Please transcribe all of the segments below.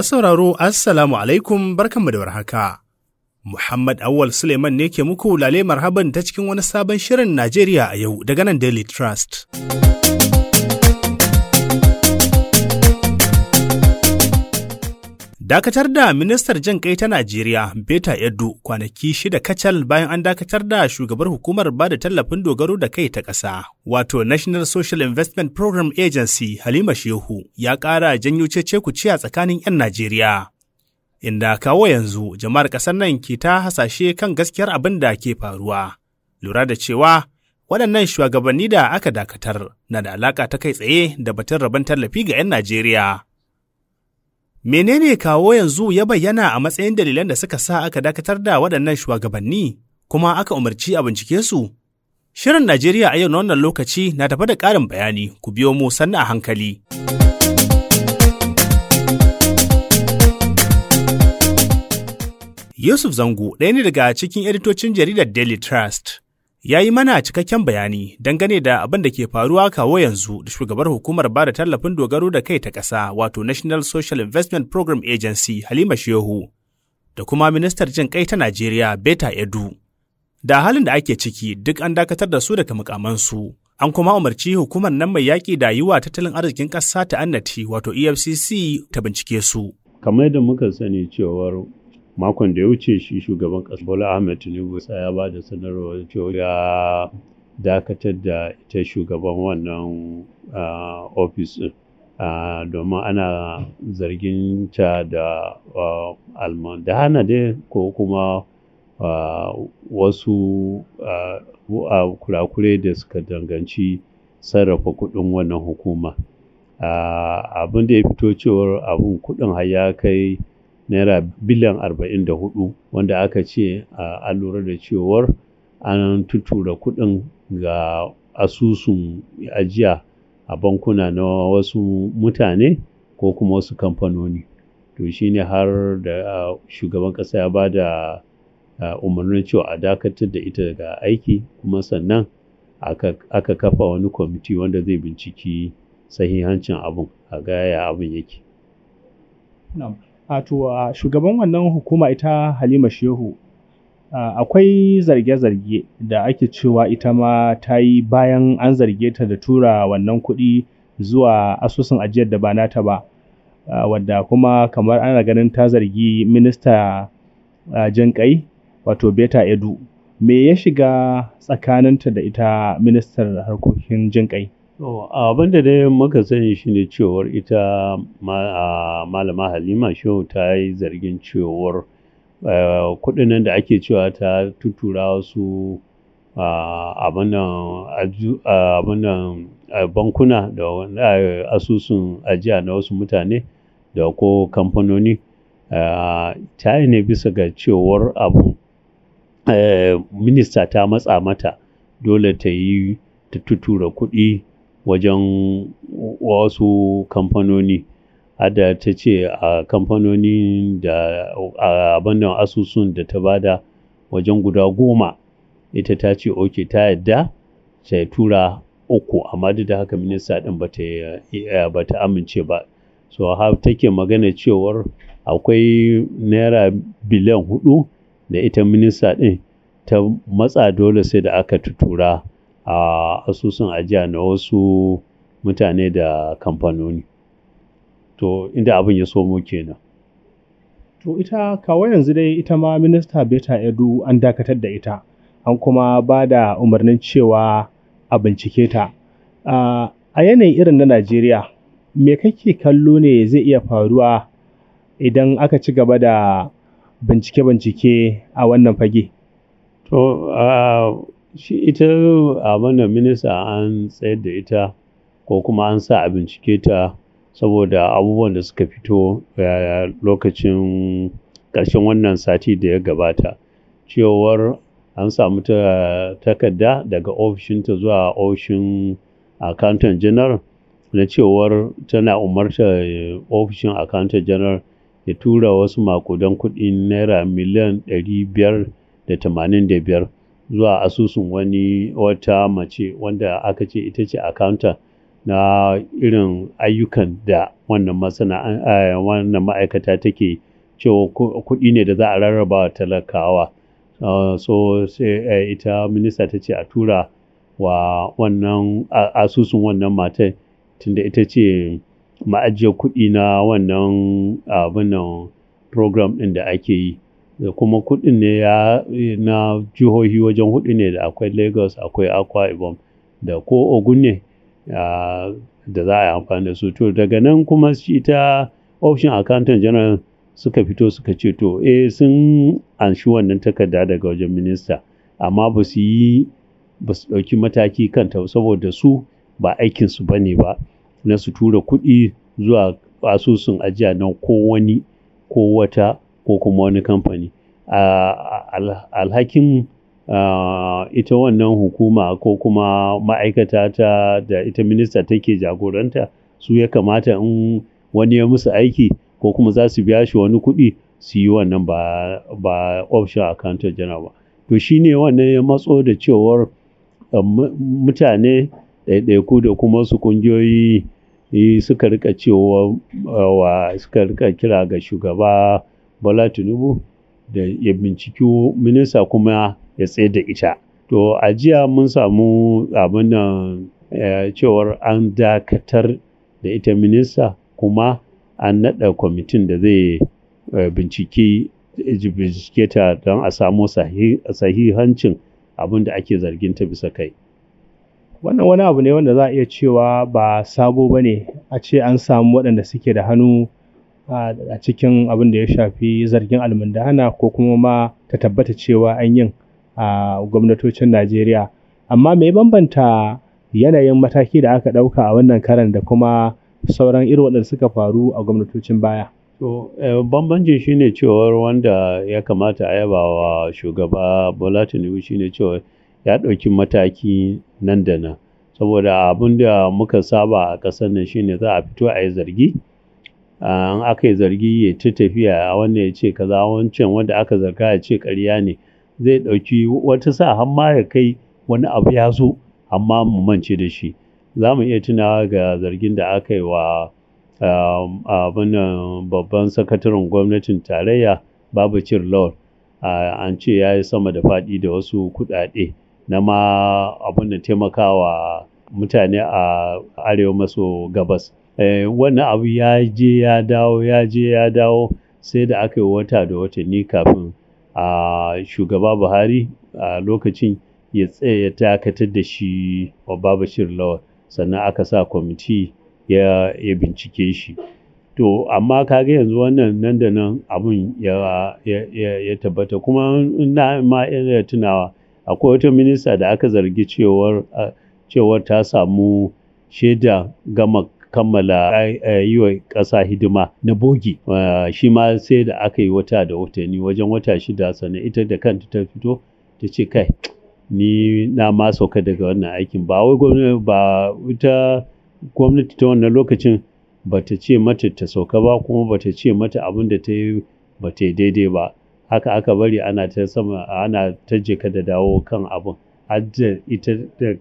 Masu sauraro Assalamu alaikum barkanmu da warhaka. Muhammad Awal Suleiman ne ke muku lale marhaban ta cikin wani sabon shirin Najeriya a yau daga nan Daily Trust. Dakatar da ministar jin kai ta Najeriya Beta Edu kwanaki shida kacal bayan an dakatar da shugabar hukumar ba da tallafin dogaro da kai ta ƙasa, wato National Social Investment Program Agency Halima Shehu ya ƙara janyo cece ku ciya tsakanin 'yan Najeriya. Inda kawo yanzu jama'ar ƙasar nan ke ta hasashe kan gaskiyar abin da ke faruwa. Lura da cewa waɗannan shugabanni da aka dakatar na da alaƙa ta kai tsaye da batun rabon tallafi ga 'yan Najeriya. Menene kawo yanzu ya bayyana a matsayin dalilan da suka sa aka dakatar da waɗannan shugabanni kuma aka umarci a bincike su? Shirin Najeriya a yau na wannan lokaci na tafi da ƙarin bayani ku biyo mu sannu a hankali. Yusuf Zango ɗaya ne daga cikin editocin jaridar Daily Trust. ya yi mana cikakken bayani dangane da abin da ke faruwa kawo yanzu da shugabar hukumar ba da tallafin dogaro da kai ta ƙasa wato National Social Investment Program Agency Halima Shehu da kuma ministar jin kai ta Najeriya Beta Edu. Da halin da ake ciki duk an dakatar da su daga mukamansu. An kuma umarci hukumar nan mai yaƙi da yiwa tattalin arzikin ƙasa ta annati wato EFCC ta bincike su. Kamar da muka sani cewar makon da ya wuce shi shugaban ƙasa bola ahmed tinubu ya ba da sanarwar cewa ya dakatar da ita shugaban wannan ofis ɗin domin ana zargin ta da hana dai ko kuma wasu kurakure da suka danganci sarrafa kuɗin wannan hukuma abin da ya fito cewar abin kuɗin har ya kai naira biliyan hudu wanda aka ce a lura da cewar an tutura kuɗin ga asusun ajiya a bankuna na wasu mutane ko kuma wasu kamfanoni to shine har da shugaban ƙasa ya ba da umarnin cewa a dakatar da ita daga aiki kuma sannan aka kafa wani kwamiti wanda zai binciki sahihancin abin a gaya abin yake. a to shugaban wannan hukuma ita halima shehu akwai zarge-zarge da ake cewa ita ma ta yi bayan an zarge ta da tura wannan kuɗi zuwa asusun ajiyar da ba nata ba wadda kuma kamar ana ganin ta zargi minista Jinkai wato beta edu me ya shiga tsakaninta da ita ministar harkokin Jinkai? abin da dai muka sani shi ne cewar ita malama Halima Shehu ta yi zargin cewar eh, kudin nan da ake cewa ta tutura wasu abin bankuna da asusun ajiya na wasu mutane da ko kamfanoni ta yi ne bisa ga cewar abu eh, minista ta matsa mata dole ta yi ta tutura kuɗi wajen wasu kamfanoni ada ta ce a kamfanoni da a asusun da ta bada wajen guda goma ita ta ce oke ta yadda ta tura uku amma duk da haka minista ɗin ba ta eh, amince ba so har take magana cewar akwai naira biliyan hudu da ita minista ɗin ta matsa dole sai da aka tutura a asusun ajiya na wasu mutane da kamfanoni to inda abin ya somo kenan to ita kawo yanzu dai ita ma minista beta edu an dakatar da ita an kuma ba da umarnin cewa a bincike ta a yanayin irin na najeriya me kake kallo ne zai iya faruwa idan aka ci gaba da bincike-bincike a wannan fage to shi ita abin da minista an tsayar da ita ko kuma an sa a bincike ta saboda abubuwan da suka fito eh, lokacin ƙarshen wannan sati da ya gabata cewar an samu takarda daga ofishinta zuwa ofishin accountant general na cewar tana umarta eh, ofishin accountant general ya tura wasu makudan kuɗi naira miliyan 585 zuwa asusun wani wata mace wanda aka ce ita ce accountant na irin ayyukan da wannan eh, wannan ma'aikata take cewa kuɗi ne da za a rarraba wa talakawa eh, so sai eh, ita minista ta ce a tura wa wannan asusun wannan matar tunda ita ce ma'ajiyar kuɗi na wannan abin program ɗin da ake yi da kuma kuɗin ne ya na jihohi wajen hudu ne da akwai lagos akwai akwa ibom da ko ogun ne da za a yi amfani da su to daga nan kuma shi ta option accountant general suka fito suka ce to eh sun anshi wannan takarda daga wajen minista amma ba su yi ba su ɗauki mataki kanta saboda su ba aikinsu ba ne ba na su tura kuɗi zuwa asusun ajiya na ko wani ko wata ko kuma wani kamfani alhakin ita wannan hukuma ko kuma ma'aikata ta da ita minista take jagoranta su ya kamata in wani ya musu aiki ko kuma za su biya shi wani kuɗi su yi wannan ba ba option general ba to shi ne wannan ya matso da cewar mutane ɗaiɗaiku da kuma su ƙungiyoyi eh, suka rika cewa wa suka rika kira ga shugaba Bola Tinubu da ya binciki minista kuma ya tsaye da ita. To a jiya mun samu abin nan eh, cewar an dakatar da ita minista kuma an naɗa kwamitin da zai eh, binciki bincike ta don a samu sahihancin abin da ake zargin ta bisa kai. Wannan wani abu ne wanda za a iya cewa ba sabo ba ne a ce an samu waɗanda suke da hannu a cikin abin da ya shafi zargin almundahana ko kuma ma ta tabbata cewa an yin a gwamnatocin Najeriya. Amma mai bambanta yanayin mataki da aka ɗauka a wannan karan da kuma sauran irin waɗanda suka faru a gwamnatocin baya? To, eh, shi ne cewar wanda ya kamata a yaba wa shugaba Bola Tinubu ne cewar ya ɗauki mataki nan da nan. Saboda abin da muka saba a ƙasar nan shi ne za a fito a yi zargi. an aka yi zargi ya ta tafiya a wannan ya ce kaza wancan wanda aka zarga ya ce ƙarya ne zai ɗauki wata sa har ma ya kai wani abu ya zo amma mu mance da shi za mu iya tunawa ga zargin da aka yi wa um, abin babban sakataren gwamnatin tarayya babacir lawal an ce ya yi sama da faɗi da wasu kuɗaɗe na ma abin da taimakawa mutane a arewa maso gabas Eh, wani abu ya je ya dawo ya je ya dawo sai da aka yi wata da watanni kafin a shugaba buhari a lokacin ya tsaye ya dakatar da shi babashir lawal sannan aka sa kwamiti ya bincike shi to amma kaga yanzu wannan nan da nan abun ya, tabbata kuma na ma ya tunawa akwai wata minista da aka zargi cewar cewar ta samu shaida gama kammala eh, eh, yi wa ƙasa hidima na bogi eh, shi ma sai da aka yi wata da watanni wajen wata shida sannan ita da kanta ta fito ta ce kai ni na ma sauka daga wannan aikin ba wai gwamnati gwamnati ta wannan lokacin ba ta ce mata ta sauka ba kuma ba ta ce mata abin da ta yi ba ta yi daidai ba haka aka bari ana ta sama ana ta jeka da dawo kan abin har ita da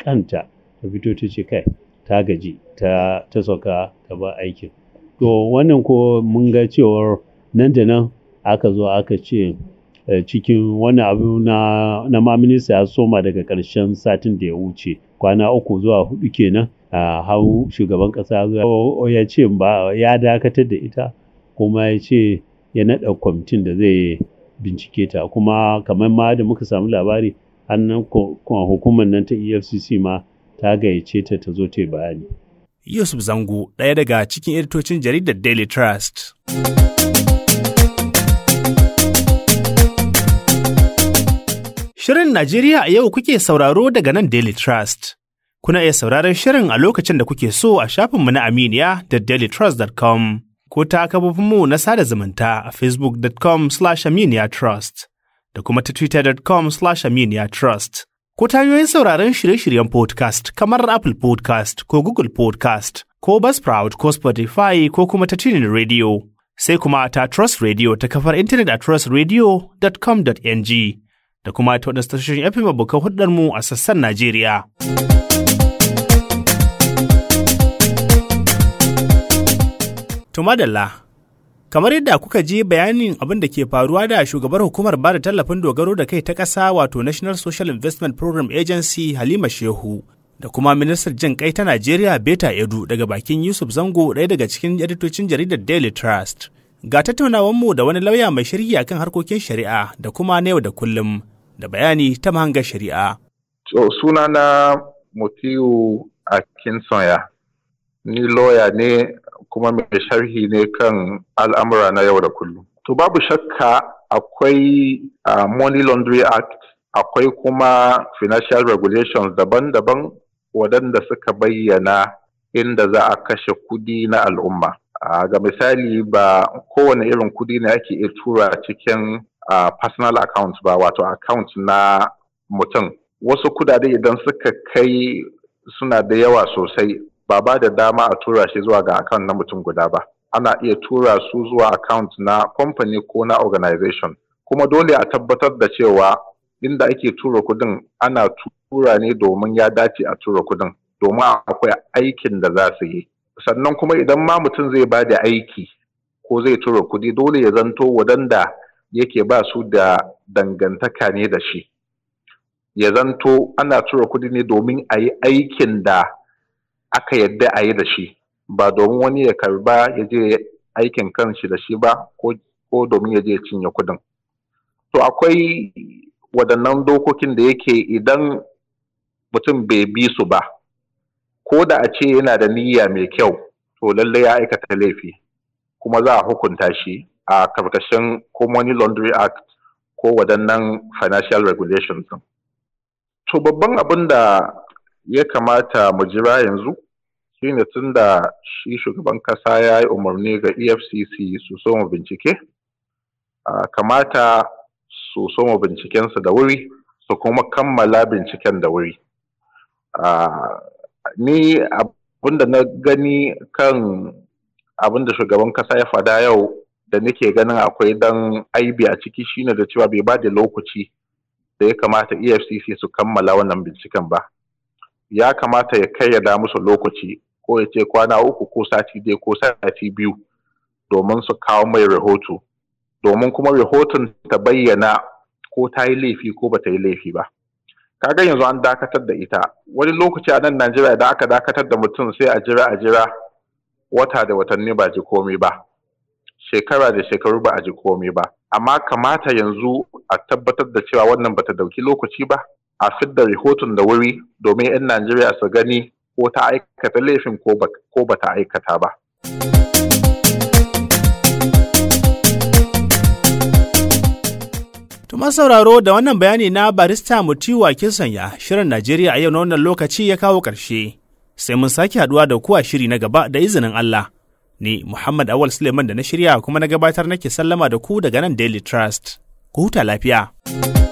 kanta ta fito ta ce kai ta gaji ta ta sauka ta ba aikin to wannan ko mun ga cewar nan da nan aka zo aka ce eh, cikin wannan abu na na ma ya soma daga ƙarshen satin da ya wuce kwana uku zuwa hudu kenan a hau shugaban ƙasa ya ce ba ya dakatar da ita kuma ya ce ya naɗa kwamitin da zai bincike ta kuma kamar ma da muka samu labari hannun hukumar nan ta efcc ma ta gayyace ta ta zo ta bayani. Yusuf Zango ɗaya daga cikin editocin jaridar Daily Trust. Shirin Najeriya a yau kuke sauraro daga nan Daily Trust. Kuna iya sauraron shirin a lokacin da kuke so a shafinmu na Aminiya da dailytrust.com ko ta kafofinmu na sada zumunta a facebook.com slash aminiya trust da kuma ta twitter.com slash aminiya trust. ko ta hanyoyin sauraron shirye-shiryen podcast kamar Apple podcast ko Google podcast ko Buzzsprout ko Spotify ko kuma ta tunin radio. Sai kuma ta Trust Radio ta kafar intanet a trustradio.com.ng da kuma ta waɗansu tashoshin FM abokan hulɗarmu a sassan Najeriya. Tumadalla. Kamar yadda kuka je bayanin abin da ke faruwa da shugabar hukumar ba da tallafin dogaro da kai ta ƙasa wato National Social Investment Program Agency Halima Shehu da kuma ministar jin kai ta Najeriya Beta Edu daga bakin Yusuf Zango ɗaya daga cikin editocin jaridar Daily Trust. Ga tattaunawanmu da wani lauya mai shirya akan harkokin shari'a da kuma na yau da kullum da bayani ta mahangar shari'a. So, sunana Mutiyu Akinsanya, ni lauya ne kuma mai sharhi ne kan al'amura na yau da kullum. To babu shakka akwai uh, Money Laundry Act, akwai kuma Financial Regulations daban-daban waɗanda suka bayyana inda za a kashe kudi na al'umma. Uh, ga misali ba kowane irin kudi ne ake iya tura cikin uh, personal account ba wato account na mutum. Wasu kudade idan suka kai suna da yawa sosai ba ba da dama a tura shi zuwa ga account na mutum guda ba ana iya tura su zuwa account na company ko na organization kuma dole a tabbatar da cewa inda ake tura kudin ana tura ne domin ya dace a tura kudin domin akwai aikin da za su yi sannan kuma idan ma mutum zai ba da aiki ko zai tura kudi dole ya zanto wadanda yake ba su da dangantaka ne da shi ya zanto ana tura kudi ne domin a yi aikin da aka yadda a yi da shi ba domin wani ya karba ya je aikin kan shi da shi ba ko domin ya je cinye kudin to akwai waɗannan dokokin da yake idan mutum bai bi su ba ko da a ce yana da niyya mai kyau to lallai ya aikata laifi kuma za a hukunta shi a karkashin ko money laundry act ko waɗannan financial regulations to babban abin da ya kamata mu jira yanzu shine tun da shi shugaban kasa ya yi umarni ga efcc su soma bincike kamata su soma bincikensu da wuri su kuma kammala binciken da wuri ni abinda na gani kan abinda shugaban kasa ya fada yau da nake ganin akwai dan aibi a ciki shine da cewa bai ba da lokaci da ya kamata efcc su kammala wannan binciken ba ya kamata ya kayyada musu lokaci ko ya ce kwana uku ko sati dai ko sati biyu domin su kawo mai rahoto domin kuma rahoton ta bayyana ko ta yi laifi ko ba ta yi laifi ba Ka ga yanzu an dakatar da ita wani lokaci a nan najeriya da aka dakatar da mutum sai a jira a jira wata da watanni ba ji komai ba shekara da shekaru ba a ji komai ba amma kamata yanzu a tabbatar da cewa wannan bata dauki lokaci ba a fidda rahoton da wuri domin 'yan Najeriya su gani ko ta aikata laifin ko ba ta aikata ba. Tuma sauraro da wannan bayani na barista mutiwa sanya shirin Najeriya a yau na wannan lokaci ya kawo ƙarshe. Sai mun sake haɗuwa da kuwa shiri na gaba da izinin Allah. Ni Muhammad Awal Suleiman da na shirya kuma na gabatar nake sallama da ku daga nan Daily Trust. Ku huta lafiya.